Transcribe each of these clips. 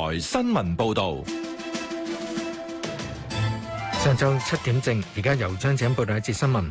台新聞報導，上晝七點正，而家由張子欣報道一節新聞。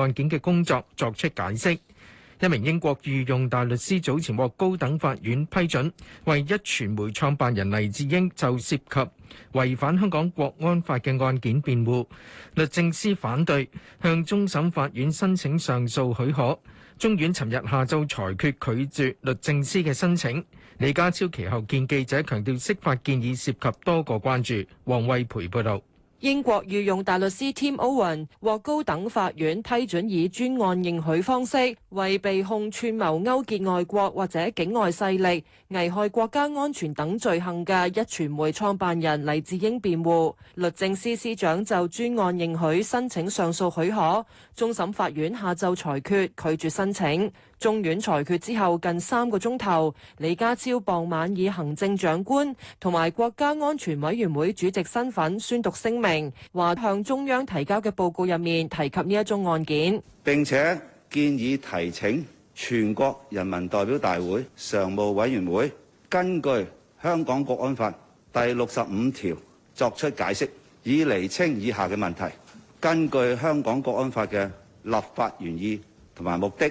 案件嘅工作作出解釋，一名英國御用大律師早前獲高等法院批准，為一傳媒創辦人黎智英就涉及違反香港國安法嘅案件辯護，律政司反對向終審法院申請上訴許可。中院尋日下晝裁決拒絕，拒絕律政司嘅申請，李家超其後見記者強調釋法建議涉及多個關注。王慧培報道。英國御用大律師 Tim Owen 獲高等法院批准以專案認許方式，為被控串謀勾結外國或者境外勢力、危害國家安全等罪行嘅壹傳媒創辦人黎智英辯護。律政司司長就專案認許申請上訴許可，終審法院下晝裁決拒絕申請。中院裁決之後近三個鐘頭，李家超傍晚以行政長官同埋國家安全委員會主席身份宣讀聲明，話向中央提交嘅報告入面提及呢一宗案件，並且建議提請全國人民代表大會常務委員會根據《香港國安法》第六十五條作出解釋，以釐清以下嘅問題：根據《香港國安法》嘅立法原意同埋目的。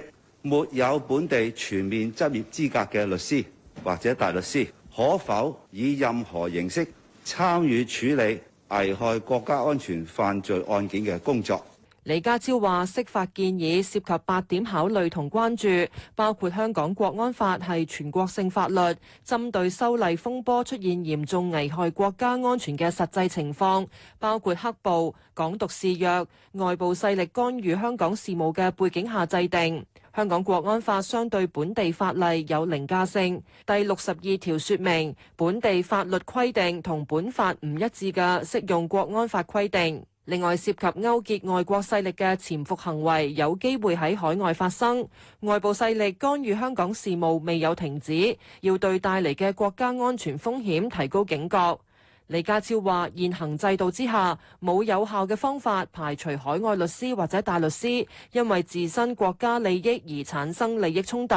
沒有本地全面執業資格嘅律師或者大律師可否以任何形式參與處理危害國家安全犯罪案件嘅工作？李家超話釋法建議涉及八點考慮同關注，包括香港國安法係全國性法律，針對修例風波出現嚴重危害國家安全嘅實際情況，包括黑暴、港獨肆虐、外部勢力干預香港事務嘅背景下制定。香港國安法相對本地法例有凌駕性，第六十二條說明本地法律規定同本法唔一致嘅，適用國安法規定。另外，涉及勾結外國勢力嘅潛伏行為有機會喺海外發生，外部勢力干預香港事務未有停止，要對帶嚟嘅國家安全風險提高警覺。李家超話：現行制度之下，冇有效嘅方法排除海外律師或者大律師，因為自身國家利益而產生利益衝突，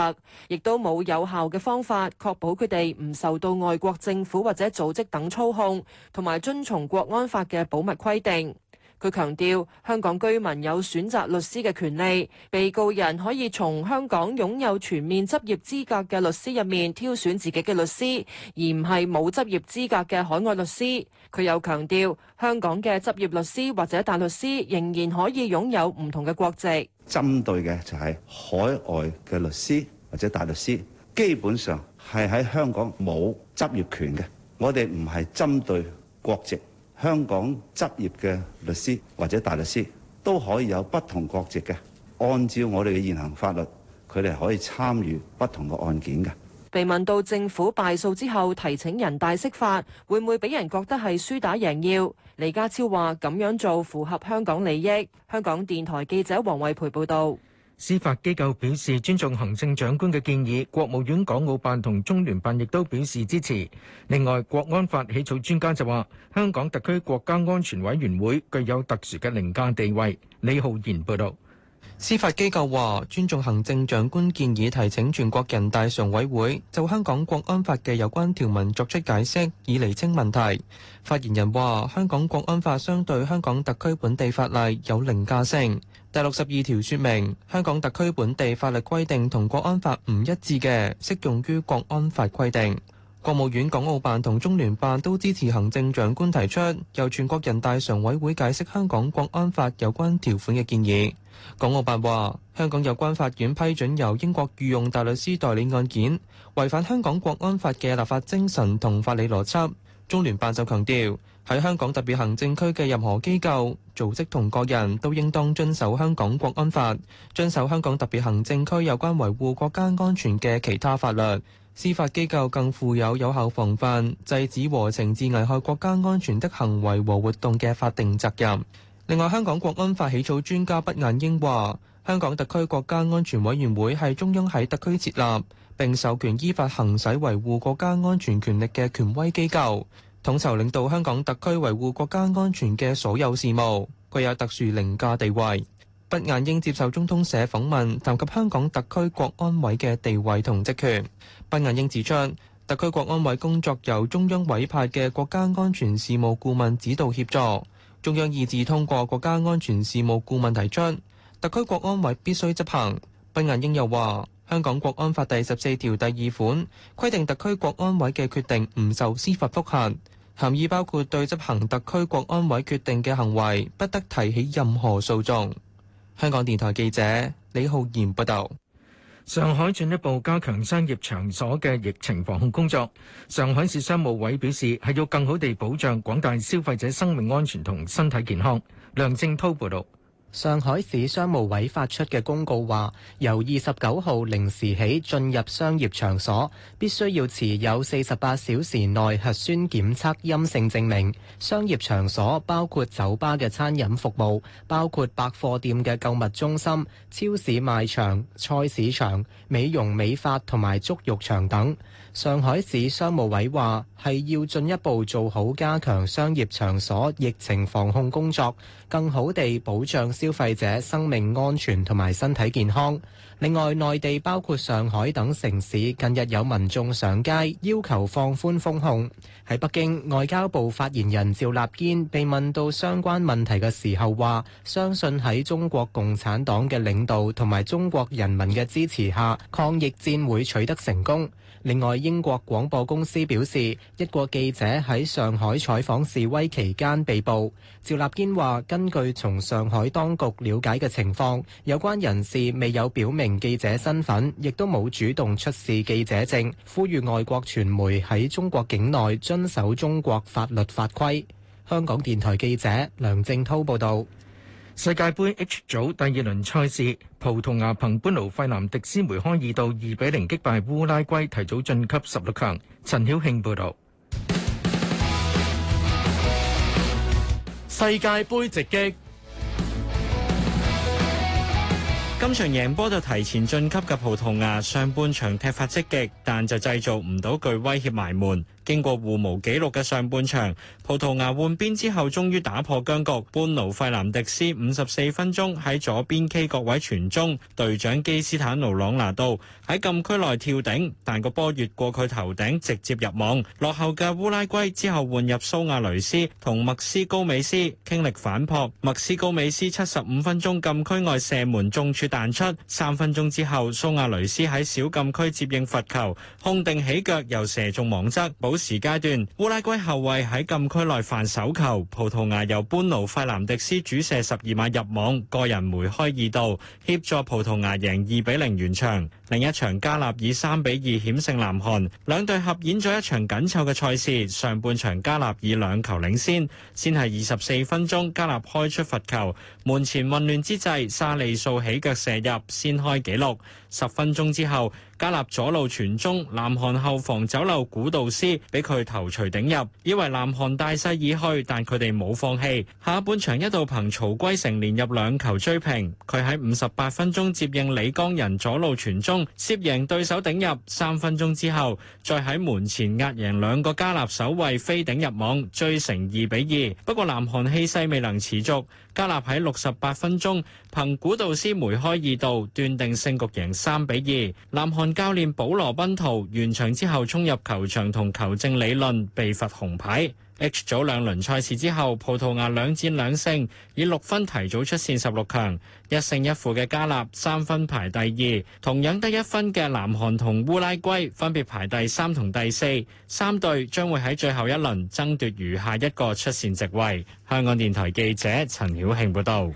亦都冇有效嘅方法確保佢哋唔受到外國政府或者組織等操控，同埋遵從國安法嘅保密規定。佢強調，香港居民有選擇律師嘅權利，被告人可以從香港擁有全面執業資格嘅律師入面挑選自己嘅律師，而唔係冇執業資格嘅海外律師。佢又強調，香港嘅執業律師或者大律師仍然可以擁有唔同嘅國籍。針對嘅就係海外嘅律師或者大律師，基本上係喺香港冇執業權嘅。我哋唔係針對國籍。香港執業嘅律師或者大律師都可以有不同國籍嘅，按照我哋嘅現行法律，佢哋可以參與不同嘅案件嘅。被問到政府敗訴之後提請人大釋法，會唔會俾人覺得係輸打贏要？李家超話咁樣做符合香港利益。香港電台記者王惠培報道。司法機構表示尊重行政長官嘅建議，國務院港澳辦同中聯辦亦都表示支持。另外，國安法起草專家就話，香港特區國家安全委員會具有特殊嘅凌駕地位。李浩然報導。司法機構話尊重行政長官建議，提請全國人大常委會就香港國安法嘅有關條文作出解釋，以釐清問題。發言人話：香港國安法相對香港特區本地法例有凌駕性。第六十二條說明，香港特區本地法律規定同國安法唔一致嘅，適用於國安法規定。國務院港澳辦同中聯辦都支持行政長官提出由全國人大常委會解釋香港國安法有關條款嘅建議。港澳辦話，香港有關法院批准由英國御用大律師代理案件，違反香港國安法嘅立法精神同法理邏輯。中聯辦就強調，喺香港特別行政區嘅任何機構、組織同個人都應當遵守香港國安法，遵守香港特別行政區有關維護國家安全嘅其他法律。司法機構更負有有效防範、制止和懲治危害國家安全的行為和活動嘅法定責任。另外，香港國安法起草專家畢雁英話：香港特區國家安全委員會係中央喺特區設立並授權依法行使維護國家安全權力嘅權威機構。統籌領導香港特區維護國家安全嘅所有事務，具有特殊凌駕地位。畢雁英接受中通社訪問，談及香港特區國安委嘅地位同職權。畢雁英指出，特區國安委工作由中央委派嘅國家安全事務顧問指導協助，中央意志通過國家安全事務顧問提出，特區國安委必須執行。畢雁英又話，《香港國安法》第十四條第二款規定，特區國安委嘅決定唔受司法覆核。含意包括對執行特區國安委決定嘅行為，不得提起任何訴訟。香港電台記者李浩然報道。上海進一步加強商業場所嘅疫情防控工作。上海市商務委表示，係要更好地保障廣大消費者生命安全同身體健康。梁正滔報道。上海市商務委發出嘅公告話，由二十九號零時起，進入商業場所必須要持有四十八小時內核酸檢測陰性證明。商業場所包括酒吧嘅餐飲服務，包括百貨店嘅購物中心、超市賣場、菜市場、美容美髮同埋足浴場等。上海市商務委話，係要進一步做好加強商業場所疫情防控工作，更好地保障消費者生命安全同埋身體健康。另外，內地包括上海等城市近日有民眾上街要求放寬封控。喺北京，外交部發言人趙立堅被問到相關問題嘅時候話：相信喺中國共產黨嘅領導同埋中國人民嘅支持下，抗疫戰會取得成功。另外，英國廣播公司表示，一國記者喺上海採訪示威期間被捕。趙立堅話：根據從上海當局了解嘅情況，有關人士未有表明記者身份，亦都冇主動出示記者證，呼籲外國傳媒喺中國境內遵守中國法律法規。香港電台記者梁正濤報道。世界杯 H 組第二輪賽事，葡萄牙憑本盧費南迪斯梅開二度二比零擊敗烏拉圭，提早晉級十六強。陳曉慶報道。世界杯直擊。今場贏波就提前晉級嘅葡萄牙上半場踢法積極，但就製造唔到具威脅埋門。經過互無紀錄嘅上半場，葡萄牙換邊之後，終於打破僵局。般奴費南迪斯五十四分鐘喺左邊 K 角位傳中，隊長基斯坦奴朗拿度喺禁區內跳頂，但個波越過佢頭頂直接入網。落後嘅烏拉圭之後換入蘇亞雷斯同麥斯高美斯傾力反撲，麥斯高美斯七十五分鐘禁區外射門中柱。彈出三分鐘之後，蘇亞雷斯喺小禁區接應罰球，控定起腳又射中網側。補時階段，烏拉圭後衛喺禁區內犯手球，葡萄牙由般奴費南迪斯主射十二碼入網，個人梅開二度，協助葡萄牙贏二比零完場。另一場加納以三比二險勝南韓，兩隊合演咗一場緊湊嘅賽事。上半場加納以兩球領先，先係二十四分鐘加納開出罰球，門前混亂之際，沙利素起腳射入，先開紀錄。十分鐘之後，加納左路傳中，南韓後防走漏古道斯，俾佢頭錘頂入。以為南韓大勢已去，但佢哋冇放棄。下半場一度憑曹圭成連入兩球追平。佢喺五十八分鐘接應李江仁左路傳中，涉贏對手頂入。三分鐘之後，再喺門前壓贏兩個加納守衛飛頂入網，追成二比二。不過南韓氣勢未能持續，加納喺六十八分鐘憑古道斯梅開二度，斷定勝局贏三比二。南韓。教練保羅·賓圖完場之後衝入球場同球證理論，被罰紅牌。H 組兩輪賽事之後，葡萄牙兩戰兩勝，以六分提早出線十六強。一勝一負嘅加納三分排第二，同樣得一分嘅南韓同烏拉圭分別排第三同第四。三隊將會喺最後一輪爭奪餘下一個出線席位。香港電台記者陳曉慶報道。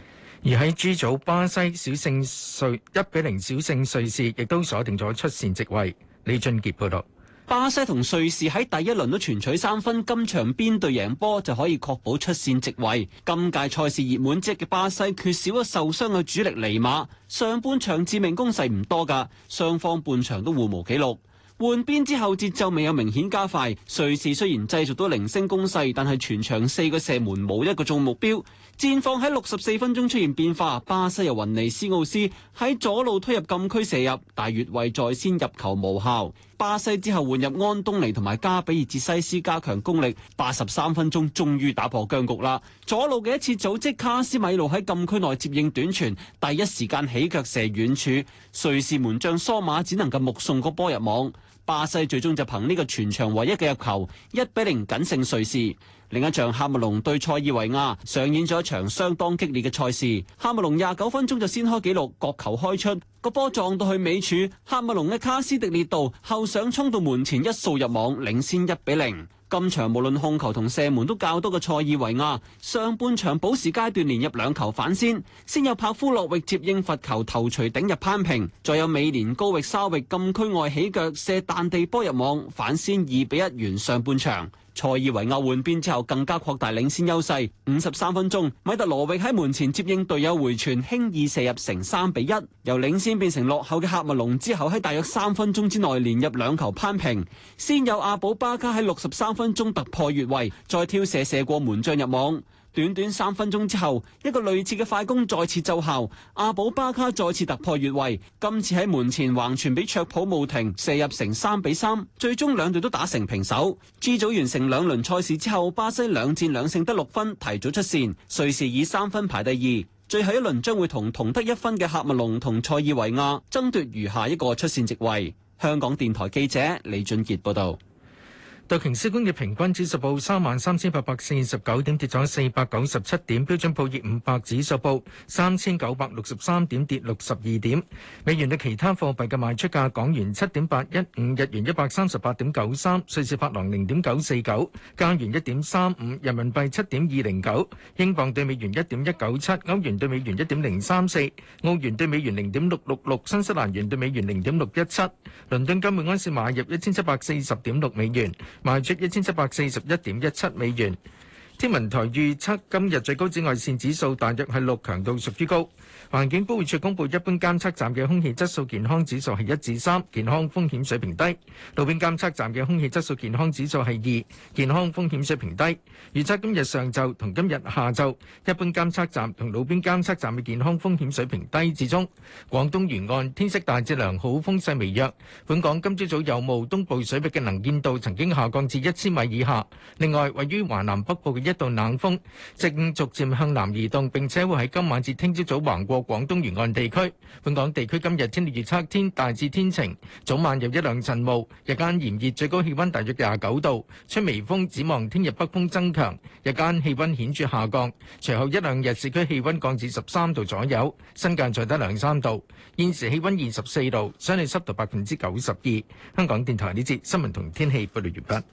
而喺 G 組，巴西小勝瑞一比零小勝瑞士，亦都鎖定咗出線席位。李俊杰報導，巴西同瑞士喺第一輪都全取三分，今場邊隊贏波就可以確保出線席位。今屆賽事熱門之一嘅巴西缺少咗受傷嘅主力尼馬，上半場致命攻勢唔多㗎，雙方半場都互無記錄。換邊之後節奏未有明顯加快，瑞士雖然製造到零星攻勢，但係全場四個射門冇一個中目標。戰況喺六十四分鐘出現變化，巴西由雲尼斯奧斯喺左路推入禁區射入，但越位在先入球無效。巴西之後換入安東尼同埋加比爾哲西斯加強攻力。八十三分鐘終於打破僵局啦！左路嘅一次組織，卡斯米路喺禁區內接應短傳，第一時間起腳射遠處，瑞士門將梳馬只能夠目送個波入網。巴西最終就憑呢個全場唯一嘅入球，一比零僅勝瑞士。另一場喀麥隆對塞爾維亞上演咗一場相當激烈嘅賽事。喀麥隆廿九分鐘就先開紀錄，角球開出，個波撞到去尾柱。喀麥隆嘅卡斯迪列度後上衝到門前一掃入網，領先一比零。今場無論控球同射門都較多嘅塞爾維亞，上半場補時階段連入兩球反先，先有帕夫洛域接應罰球頭槌頂入攀平，再有美連高域沙域禁區外起腳射彈地波入網，反先二比一完上半場。塞爾維亞換邊之後，更加擴大領先優勢。五十三分鐘，米特羅域喺門前接應隊友回傳，輕易射入，成三比一，由領先變成落後嘅喀麥隆之後，喺大約三分鐘之內連入兩球攀平。先有阿寶巴卡喺六十三分鐘突破越位，再挑射射過門將入網。短短三分鐘之後，一個類似嘅快攻再次奏效，阿保巴卡再次突破越位，今次喺門前橫傳俾卓普慕廷射入，成三比三，最終兩隊都打成平手。G 組完成兩輪賽事之後，巴西兩戰兩勝得六分，提早出線，瑞士以三分排第二。最後一輪將會同同得一分嘅喀麥隆同塞爾維亞爭奪餘下一個出線席位。香港電台記者李俊傑報道。道瓊斯工業平均指數報三萬三千八百四十九點，跌咗四百九十七點。標準普爾五百指數報三千九百六十三點，跌六十二點。美元對其他貨幣嘅賣出價：港元七點八一五，日元一百三十八點九三，瑞士法郎零點九四九，加元一點三五，人民幣七點二零九，英鎊對美元一點一九七，歐元對美元一點零三四，澳元對美元零點六六六，新西蘭元對美元零點六一七。倫敦金每安士買入一千七百四十點六美元。賣出一千七百四十一點一七美元。天文台預測，今日最高紫外線指數大約係六，強度屬於高。環境保護署公布，一般監測站嘅空氣質素健康指數係一至三，健康風險水平低；路邊監測站嘅空氣質素健康指數係二，健康風險水平低。預測今日上晝同今日下晝，一般監測站同路邊監測站嘅健康風險水平低至中。廣東沿岸天色大致良好，風勢微弱。本港今朝早有霧，東部水域嘅能見度曾經下降至一千米以下。另外，位於華南北部嘅一道冷鋒正逐漸向南移動，並且會喺今晚至聽朝早橫過。廣東沿岸地區，本港地區今日天氣預測天大致天晴，早晚有一兩陣霧，日間炎熱，最高氣溫大約廿九度，吹微風，展望聽日北風增強，日間氣溫顯著下降，隨後一兩日市區氣溫降至十三度左右，新界再低兩三度。現時氣溫二十四度，相對濕度百分之九十二。香港電台呢節新聞同天氣報道完畢。